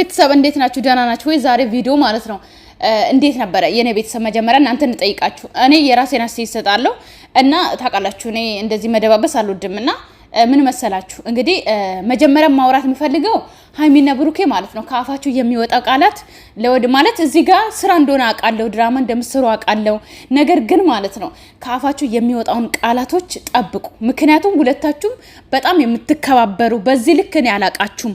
ቤተሰብ እንዴት ናችሁ? ደህና ናችሁ ወይ? ዛሬ ቪዲዮ ማለት ነው እንዴት ነበረ የኔ ቤተሰብ? መጀመሪያ እናንተ እንጠይቃችሁ። እኔ የራሴን አስተያየት እሰጣለሁ እና ታውቃላችሁ፣ እኔ እንደዚህ መደባበስ አልወድም እና ምን መሰላችሁ እንግዲህ መጀመሪያ ማውራት የምፈልገው ሀይሚና ብሩኬ ማለት ነው ከአፋችሁ የሚወጣው ቃላት ለወድ ማለት እዚህ ጋር ስራ እንደሆነ አውቃለሁ፣ ድራማ እንደምትሰሩ አውቃለሁ። ነገር ግን ማለት ነው ከአፋችሁ የሚወጣውን ቃላቶች ጠብቁ። ምክንያቱም ሁለታችሁም በጣም የምትከባበሩ በዚህ ልክ እኔ አላቃችሁም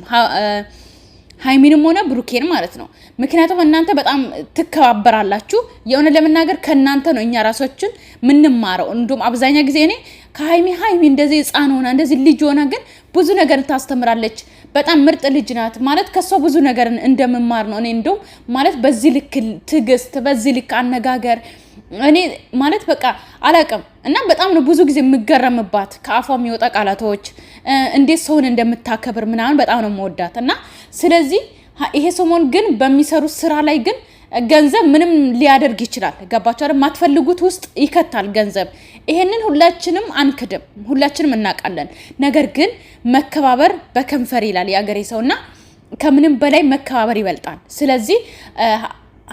ሀይሚንም ሆነ ብሩኬን ማለት ነው። ምክንያቱም እናንተ በጣም ትከባበራላችሁ። የሆነ ለመናገር ከእናንተ ነው እኛ ራሶችን ምንማረው። እንዲሁም አብዛኛ ጊዜ እኔ ከሀይሚ ሀይሚ እንደዚህ ህፃን ሆና እንደዚህ ልጅ ሆና ግን ብዙ ነገር ታስተምራለች። በጣም ምርጥ ልጅ ናት ማለት ከሷ ብዙ ነገር እንደምማር ነው እኔ እንዲሁም ማለት በዚህ ልክ ትዕግስት፣ በዚህ ልክ አነጋገር እኔ ማለት በቃ አላቅም እና በጣም ነው ብዙ ጊዜ የምገረምባት ከአፏ የሚወጣ ቃላቶች፣ እንዴት ሰውን እንደምታከብር ምናምን በጣም ነው መወዳት እና ስለዚህ ይሄ ሰሞን ግን በሚሰሩት ስራ ላይ ግን ገንዘብ ምንም ሊያደርግ ይችላል። ገባቸው ማትፈልጉት ውስጥ ይከታል ገንዘብ። ይሄንን ሁላችንም አንክድም፣ ሁላችንም እናውቃለን። ነገር ግን መከባበር በከንፈር ይላል የአገሬ ሰው እና ከምንም በላይ መከባበር ይበልጣል። ስለዚህ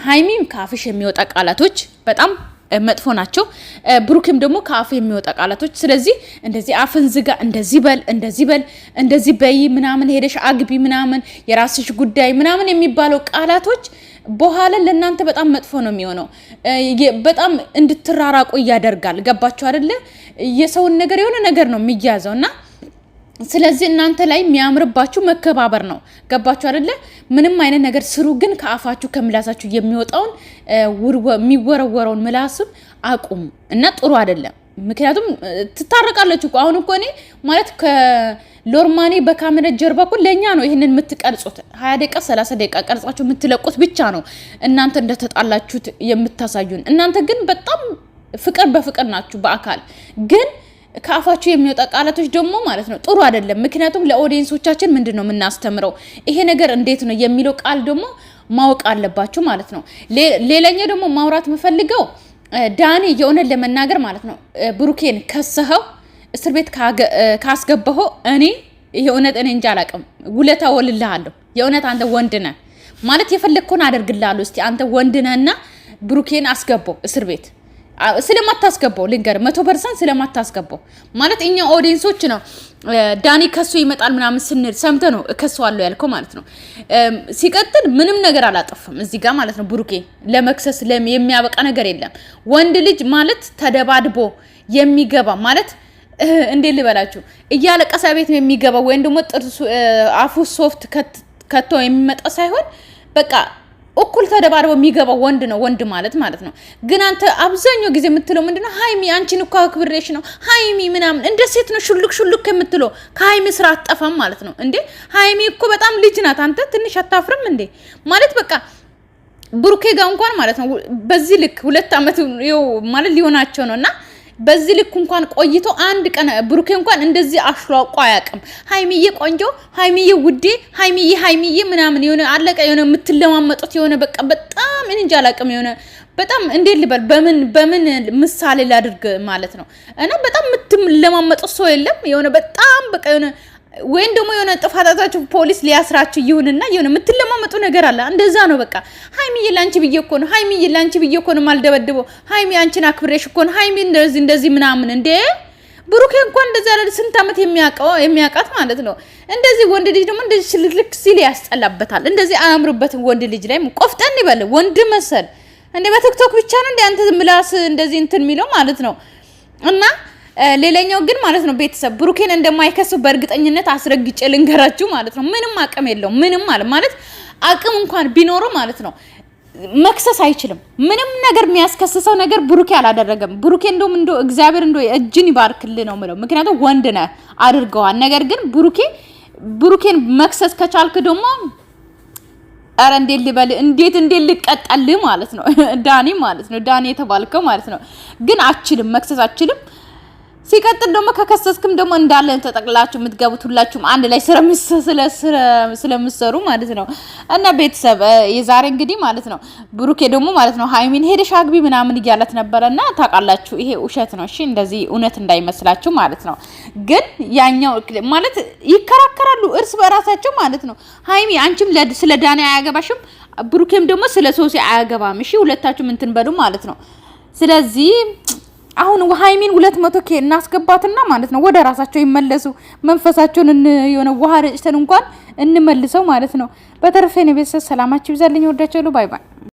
ሀይሚም ከአፍሽ የሚወጣ ቃላቶች በጣም መጥፎ ናቸው። ብሩክም ደግሞ ከአፍ የሚወጣ ቃላቶች። ስለዚህ እንደዚህ አፍን ዝጋ፣ እንደዚህ በል፣ እንደዚህ በል፣ እንደዚህ በይ፣ ምናምን ሄደሽ አግቢ፣ ምናምን የራስሽ ጉዳይ ምናምን የሚባለው ቃላቶች በኋላ ለእናንተ በጣም መጥፎ ነው የሚሆነው። በጣም እንድትራራቁ እያደርጋል። ገባችሁ አደለ? የሰውን ነገር የሆነ ነገር ነው የሚያዘው እና ስለዚህ እናንተ ላይ የሚያምርባችሁ መከባበር ነው። ገባችሁ አይደለ? ምንም አይነት ነገር ስሩ፣ ግን ከአፋችሁ ከምላሳችሁ የሚወጣውን የሚወረወረውን ምላስም አቁሙ እና ጥሩ አይደለም። ምክንያቱም ትታረቃለች እኮ አሁን እኮ እኔ ማለት ከሎርማኔ በካሜራ ጀርባ እኮ ለእኛ ነው ይህንን የምትቀርጹት። ሀያ ደቂቃ ሰላሳ ደቂቃ ቀርጻችሁ የምትለቁት ብቻ ነው እናንተ እንደተጣላችሁት የምታሳዩን። እናንተ ግን በጣም ፍቅር በፍቅር ናችሁ በአካል ግን ከአፋቸው የሚወጣ ቃላቶች ደግሞ ማለት ነው ጥሩ አይደለም። ምክንያቱም ለኦዲየንሶቻችን ምንድን ነው የምናስተምረው ይሄ ነገር እንዴት ነው የሚለው ቃል ደግሞ ማወቅ አለባችሁ ማለት ነው። ሌላኛው ደግሞ ማውራት የምፈልገው ዳኒ የእውነት ለመናገር ማለት ነው ብሩኬን ከሰኸው እስር ቤት ካስገባሁ እኔ የእውነት እኔ እንጃ አላውቅም፣ ውለታ ወልልሃለሁ። የእውነት አንተ ወንድ ነህ ማለት የፈለግከውን አደርግልሃለሁ። እስቲ አንተ ወንድ ነህና ብሩኬን አስገባው እስር ቤት ስለማታስገባው ልንገር፣ መቶ ፐርሰንት ስለማታስገባው ማለት እኛ ኦዲየንሶች ነው ዳኒ ከሱ ይመጣል ምናምን ስንል ሰምተ ነው ከሱ ያልከው ማለት ነው። ሲቀጥል ምንም ነገር አላጠፋም እዚህ ጋር ማለት ነው። ብሩኬ ለመክሰስ የሚያበቃ ነገር የለም። ወንድ ልጅ ማለት ተደባድቦ የሚገባ ማለት እንዴት ልበላችሁ እያለቀሰ ቤት የሚገባ ወይም ደግሞ ጥርሱ አፉ ሶፍት ከቶ የሚመጣ ሳይሆን በቃ እኩል ተደባድበው የሚገባው ወንድ ነው ወንድ ማለት ማለት ነው። ግን አንተ አብዛኛው ጊዜ የምትለው ምንድነው? ሀይሚ አንቺን እኮ አክብሬሽ ነው ሀይሚ ምናምን እንደ ሴት ነው ሹልክ ሹልክ የምትለው ከሀይሚ ስራ አጠፋም ማለት ነው እንዴ። ሀይሚ እኮ በጣም ልጅ ናት። አንተ ትንሽ አታፍርም እንዴ? ማለት በቃ ብሩኬ ጋር እንኳን ማለት ነው በዚህ ልክ ሁለት ዓመት ማለት ሊሆናቸው ነው እና በዚህ ልክ እንኳን ቆይቶ አንድ ቀን ብሩኬ እንኳን እንደዚህ አሽሏቆ አያውቅም። ሀይሚዬ ቆንጆ፣ ሀይሚዬ ውዴ፣ ሀይሚዬ ሀይሚዬ ምናምን የሆነ አለቀ የሆነ የምትለማመጡት የሆነ በቃ በጣም እንጃ አላውቅም የሆነ በጣም እንዴት ልበል፣ በምን በምን ምሳሌ ላድርግ ማለት ነው። እና በጣም የምትለማመጡት ሰው የለም የሆነ በጣም በቃ የሆነ ወይም ደግሞ የሆነ ጥፋታታችሁ ፖሊስ ሊያስራችሁ ይሁንና የሆነ የምትለማመጡ ነገር አለ። እንደዛ ነው በቃ። ሀይሚዬ ላንቺ ብዬ እኮ ነው፣ ሀይሚዬ ላንቺ ብዬ እኮ ነው የማልደበድበው፣ ሀይሚ አንቺን አክብሬሽ እኮ ነው፣ ሀይሚ እንደዚህ እንደዚህ ምናምን እንዴ ብሩኬ እንኳን እንደዛ ያለ ስንት ዓመት የሚያውቀው የሚያውቃት ማለት ነው። እንደዚህ ወንድ ልጅ ደግሞ እንደዚህ ሽልልክ ሲል ያስጠላበታል። እንደዚህ አያምርበትም። ወንድ ልጅ ላይ ቆፍጠን ይበል፣ ወንድ መሰል እንደ በቲክቶክ ብቻ ነው እንደ አንተ ምላስ እንደዚህ እንትን የሚለው ማለት ነው እና ሌላኛው ግን ማለት ነው ቤተሰብ ብሩኬን እንደማይከሱ በእርግጠኝነት አስረግጬ ልንገራችሁ ማለት ነው። ምንም አቅም የለውም። ምንም ማለት ማለት አቅም እንኳን ቢኖረው ማለት ነው መክሰስ አይችልም። ምንም ነገር የሚያስከስሰው ነገር ብሩኬ አላደረገም። ብሩኬ እንደውም እንደው እግዚአብሔር እንደው እጅን ይባርክልህ ነው ምለው፣ ምክንያቱም ወንድ ነህ አድርገዋል። ነገር ግን ብሩኬ ብሩኬን መክሰስ ከቻልክ ደግሞ ኧረ እንዴት ልበል እንዴት እንዴት ልቀጣልህ ማለት ነው ዳኒ ማለት ነው ዳኒ የተባልከው ማለት ነው። ግን አችልም መክሰስ አችልም ሲቀጥል ደግሞ ከከሰስክም ደግሞ እንዳለን ተጠቅላችሁ የምትገቡት ሁላችሁም አንድ ላይ ስለምሰሩ ማለት ነው። እና ቤተሰብ የዛሬ እንግዲህ ማለት ነው ብሩኬ ደግሞ ማለት ነው ሀይሚን ሄደሽ አግቢ ምናምን እያለት ነበረ እና ታውቃላችሁ፣ ይሄ ውሸት ነው። እሺ እንደዚህ እውነት እንዳይመስላችሁ ማለት ነው። ግን ያኛው ማለት ይከራከራሉ እርስ በራሳቸው ማለት ነው። ሀይሚ አንቺም ስለ ዳኔ አያገባሽም፣ ብሩኬም ደግሞ ስለ ሶሲ አያገባም። እሺ ሁለታችሁም እንትን በሉ ማለት ነው። ስለዚህ አሁን ሀይሚን ሁለት መቶ ኬ እናስገባትና ማለት ነው ወደ ራሳቸው ይመለሱ። መንፈሳቸውን የሆነ ውሃ ረጭተን እንኳን እንመልሰው ማለት ነው። በተረፈ የቤተሰብ ሰላማችሁ ይብዛልኝ። ወዳቸው ባይ ባይ